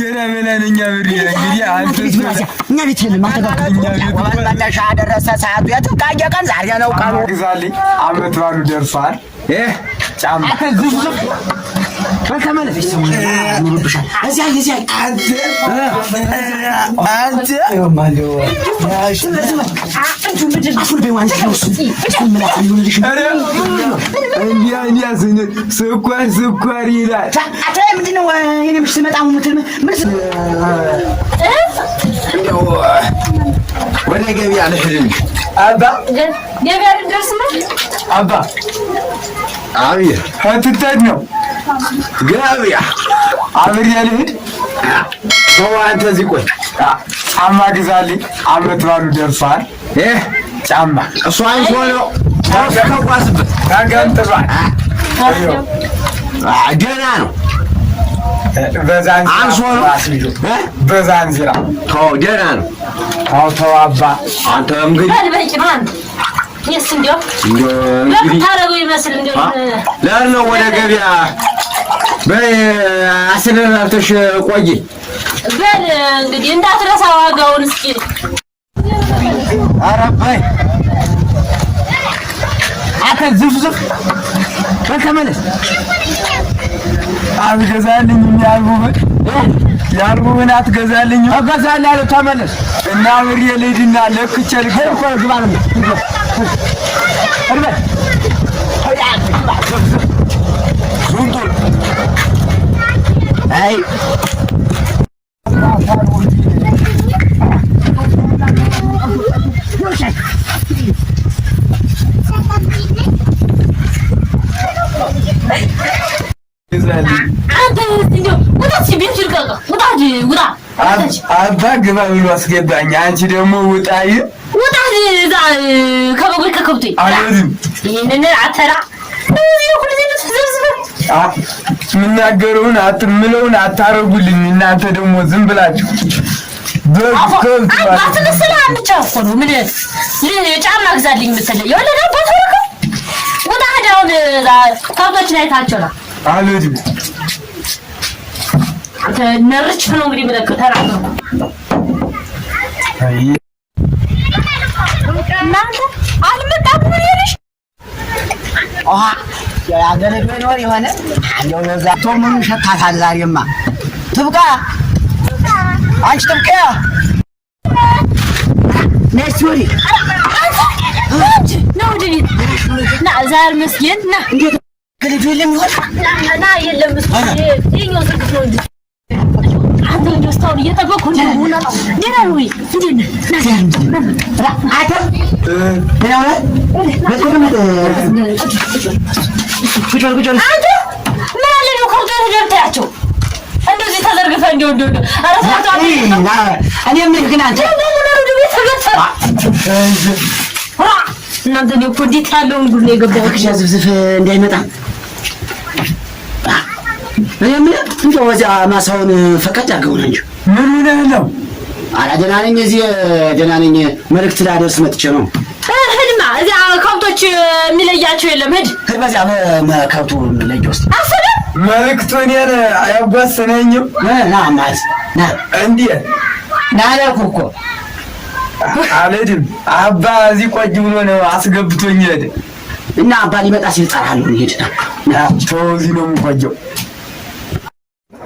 ገና ብለን እኛ ብር እንግዲህ እኛ ቤት የለም። መነሻ ደረሰ ሰዓቱ የትብቃየ ቀን ዛሬ ነው ቀኑ። ግዛልኝ አመት ባሉ ደርሷል። ጫማ አንተ ማለት ስኳር ስኳር ይላል። ምንድነው የኔ ምሽ ስመጣ ወደ ገበያ ልሂድ አባ አብያ ትተት ነው ገበያ አብሬ ልሂድ። አንተ እዚህ ቆይ፣ ጫማ ግዛልኝ። አመት ባሉ ደርሷል። ጫማ እሷን ሆነው ተኳስበት ተገንጥሏል። ገና ነው። በዛንዚራ ደህና ነው። ተው ተው አባ አንተ እንግዲህ የስ ነው ወደ ገበያ በይ አስደራርተሽ ቆይ በል እንግዲህ እንዳትረሳ ዋጋውን እስኪ ኧረ በይ አንተ ዝፍ በል ተመለስ አልገዛልኝም ያልቡብን ያልቡብን አትገዛልኝም እገዛልሃለሁ ተመለስ እና ብሬ ልሂድና ለክቼ ልግባ Hey! አባ ግባ ብሎ አስገባኝ። አንቺ ደግሞ ውጣይ ውጣ እዛ ከበጎች ከከብቶኝ አልወድም። ይህንን አተራ የምናገረውን አትምለውን አታረጉልኝ። እናንተ ደግሞ ዝም ብላችሁ ነው። ምን ጫማ ግዛልኝ የምትለኝ የወለደ ውጣ። አሁን አይታቸው ነው አልወድም ነርች ነው እንግዲህ ምልክት ተናገርኩ። እናንተ አልመጣም ምን ይልሽ ያገለግል ወር የሆነ እንደው በዛቶ ምን ሸታታል። ዛሬማ ትብቃ፣ አንቺ ትብቃ። ነስሪ ና ዛር መስጊድ ና እንዴት ገለግል የለም ይሆን ና የለም መስጊድ ይኛው ዝርግት ነው እንጂ እናንተ እኮ እንዴት ያለውን ጉድ ነው የገባው። ዝብዝፍ እንዳይመጣ እንደው ወዲያ ማሳውን ፈቀድ አድርገውን እንጂ ምን ሆነ ያለው? ኧረ ደህና ነኝ፣ እዚህ ደህና ነኝ። መልዕክት ላደርስ መጥቼ ነው። ህድማ እዚያ ከብቶች የሚለያቸው የለም። ሂድ ሂድ፣ በዚያ ከብቱ የሚለየው እስኪ አስበህ መልዕክቱ እኔን አያጓስነኝም። ና ማለት ና እንዴ ና አልኩህ እኮ አልሄድም። አባ እዚህ ቆጅ ብሎ ነው አስገብቶኝ ሄደ እና አባ ሊመጣ ሲል እጠራለሁ። ሂድ ና እዚህ ነው የምቆየው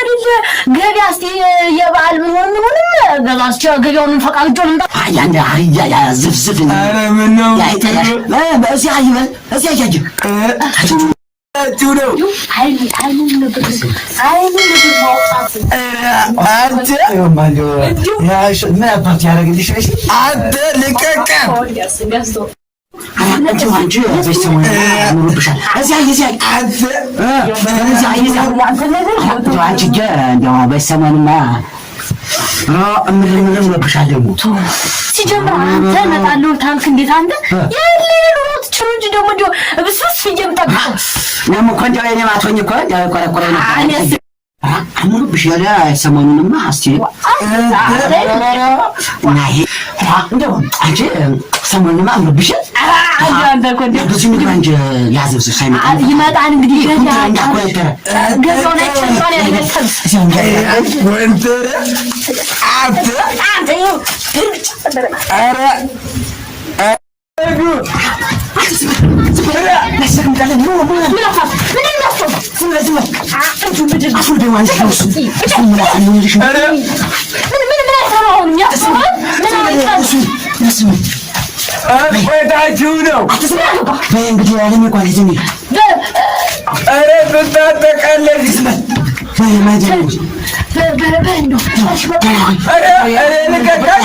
አይደለ ገበያ እስቲ የበዓል ምን ምንም ገዛስቻ ገበያውን ፈቃጆን እንዳ አያ ያ ዝፍዝፍ ነው። አረ ምን ነው እዚህ አይ አንተ ልቀቀ ሲጀምር አንተ እመጣለሁ ታልክ እንዴት አንተ ያለ ኑሮ ትችሉ እንጂ ደግሞ እንዲሁ ብስብስ ብዬ የምጠብቀው ደግሞ እኮ እንዲያው የእኔ ማትሆኝ እኮ እንዲያው የቆረቆረኝ አምሮብሽ ያለ ሰሞኑንማ እስቲ ሰሞኑንማ አምሮብሽ ይመጣል እንግዲህ ቆይታችሁ ነው እንግዲህ ያለኝ ኳሊቲ ኧረ ብታጠቃለች ልቀቃል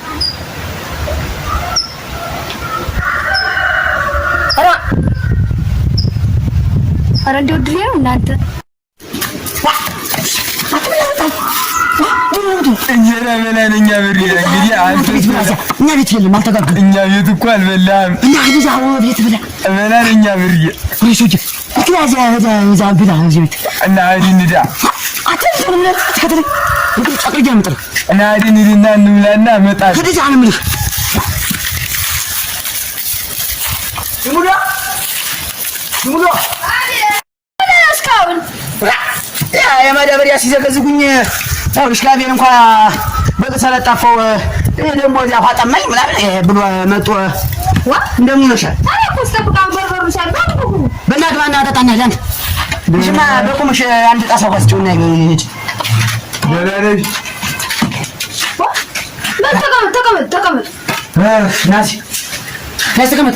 ኧረ እንደው ድሬ ነው እናንተ እንጀራ በላን እኛ ብር እንግዲህ እኛ ቤት የለም እኛ ቤት እኮ አልበላም እዛ ቤት ብላ በላን እኛ ብር እና እና ዝም ብሎ እስካሁን የማዳበሪያ ሲዘገዝጉኝ ሽጋቤን እንኳ በቅጽ ለጣፈው ደግሞ እዚያ ውሃ ምናምን ብሎ መጡ። እንደምን ሆነሻል? በእናትህ ዋና ጠጣና ላንተ ሽማ በቁምሽ አንድ ጣሳ ኳስጭውና ሄድ ተቀመጥ ተቀመጥ ተቀመጥ ናሲ ተቀመጥ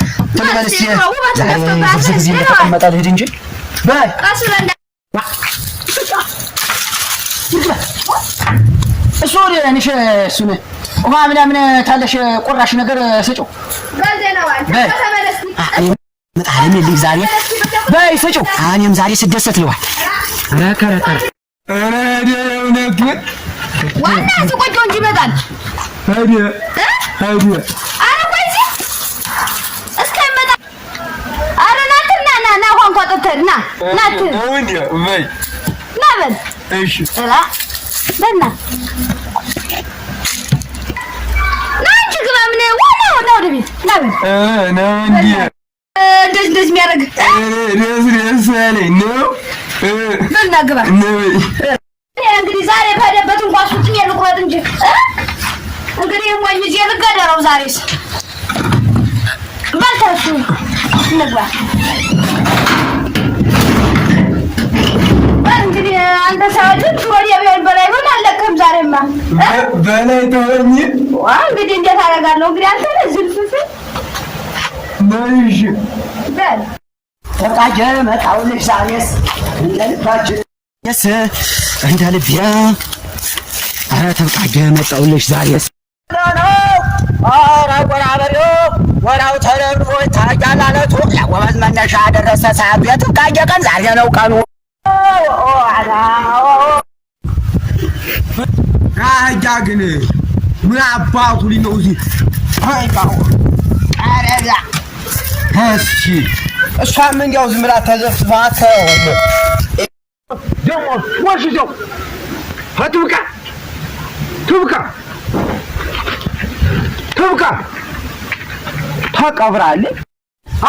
ተመለስ። ብዙ ጊዜ እንደተቀመጠ ልሂድ እንጂ እሱ ውሃ ምናምን ታለሽ ቆራሽ ነገር ስጭው። ዛሬ በይ ስጭው። እኔም ዛሬ ስደሰት ልዋል ዋና እሱ እንጂ ይመጣል አውጥተን ና ናት ና በል እሺ ራ በና ና አንቺ ግባ። ምን ዋና ሆና ወደ ቤት ና በል ነው እንዴ? እንደዚህ እንደዚህ የሚያደርግ ደስ ደስ ያለኝ ነው። በና ግባ ነው እንግዲህ ዛሬ ከሄደበት እንኳን ሱጥኝ ልቁረጥ እንጂ እንግዲህ እንኳን ይዤ ልገደረው ዛሬስ በልተሱ እንግባ እንግዲህ አንተ ሳድን ወዲያ ቢሆን በላይ ሆን አለቅህም። ዛሬማ በላይ ተሆኝ እንግዲህ እንዴት አደርጋለሁ? እንግዲህ አንተ ዝልፍፍ ነሽ ተቃጀ መጣውልሽ ዛሬስ እንደ ልባችን የስ እንደ ልቢያ አረ ተቃጀ መጣውልሽ ዛሬስ ኧረ ወራበሪው ወራው ተረብሮ ታጃላለቱ ያወመዝ መነሻ ደረሰ ሰዓቱ የትቃጀ ቀን ዛሬ ነው ቀኑ። አህጃ ግን ምን አባቱ ሊነው እዚህ እሺ እሷም እንዲያው ዝም ብላ ተዘፍዝፋ ደግሞ ወሽዘው ትብቃ ትብቃ ትብቃ ታቀብራለች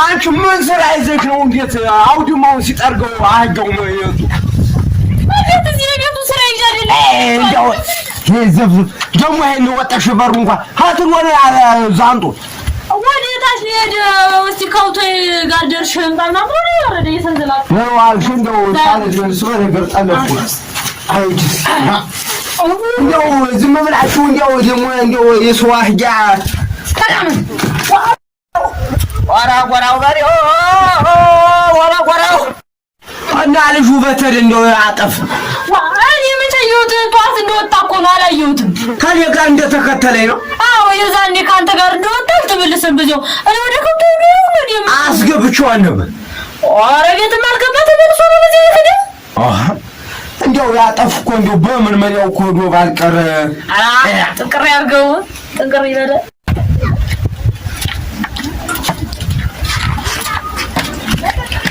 አንቺ ምን ስራ ይዘሽ ነው? እንዴት አውድማውን ሲጠርገው አህጋው መሄዱ ደግሞ ይሄን ወጣሽ በሩ እንኳን ሀትን ወደ ዛንጦ ወደ ታች ሄደ። እስቲ ከውቶ ጋር ደርሽ እንጣና ብሎ ወረደ። እየተንዘላል ነው አልሽ። እንደው ታለሽ ስለ ነገር ጠለፍኩ። አይዲስ እንደው ዝም ብላችሁ እንደው ደግሞ እንደው የሰው አህያ ኧረ እና ልጁ በተድ እንደው አጠፍ እኔ መቼ ጠዋት እንደወጣ እኮ ነው አላየሁትም። ከኔ ጋር እንደተከተለኝ ነው። አዎ የዛኔ ከአንተ ጋር እንደወጣ አልተመለሰም። ብዙ እኔ ወደ ከብቶ አስገብቼዋለሁ። ኧረ ቤትም አልገባ ተመልሶ ነው በዚህ ሄደ። እንደው ያጠፍ እኮ እንደው በምን መሪያው ኮዶ ባልቀረ ጥንቅሬ አድርገው ጥንቅሬ ይበለ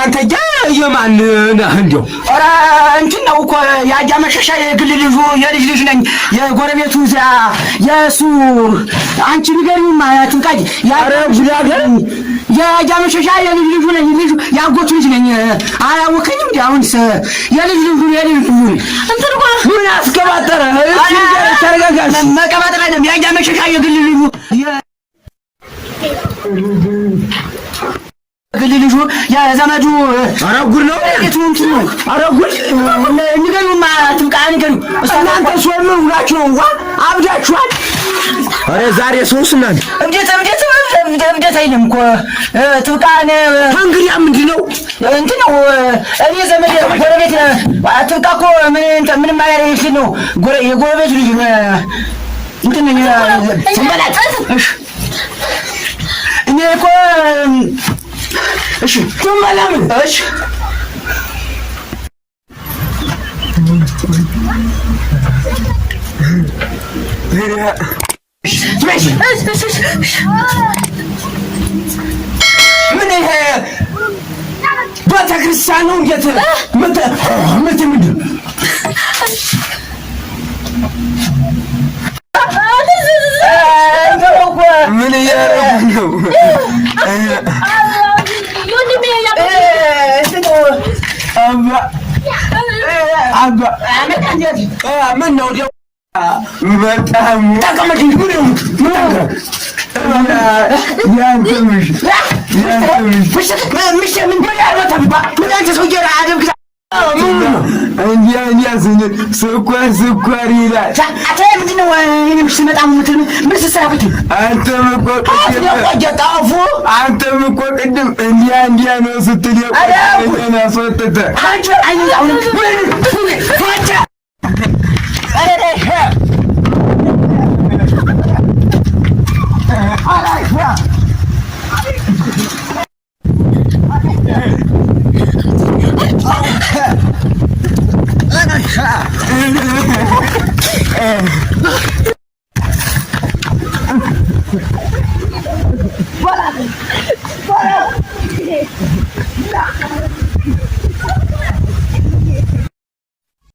አንተ እጃ የማን እንደው? ኧረ እንትን ነው እኮ የአጃ መሸሻ የግል ልጁ የልጅ ልጅ ነኝ የጎረቤቱ እዚያ የእሱ አንቺ ንገሪውማ ትንቃጅ የአጃ መሸሻ የልጅ ልጁ ነኝ ልጁ የአጎቱ ልጅ ነኝ። አያወከኝም እንዲ አሁንስ የልጅ ልጁ የልጅ ልጁ እንትን እኮ ምን አስቀባጠረ መቀባጠር አይደለም የአጃ መሸሻ የግል ልጁ የዘመዱ ኧረ ጉድ ነው። ቤቱ እንትን ነው። ኧረ ጉድ ንገሪውማ፣ አትብቃ ንገሪው። እናንተ ሰው ምን ሁላችሁ ነው? ዋ አብዳችኋል። አረ ዛሬ ሰውስ እናንተ እብደት እብደት እብደት አይልም እኮ ትብቃን። እንግዲያ ምንድን ነው እንትን ነው እኔ ዘመድ ጎረቤት ትብቃ እኮ ምንም አያደርግልሽ ነው ጎረ የጎረቤት ልጅ እንትን እሺ እኔ እኮ እሺ ትመላምን እሺ ምን ይሄ ቤተክርስቲያኑ እንዴት ምት ምት ምንድን ምን ነው ዲያ በጣም ተቀመጭ ምን ነው ስኳር ስኳር ይላል። ቅድም Hey, hey, hey.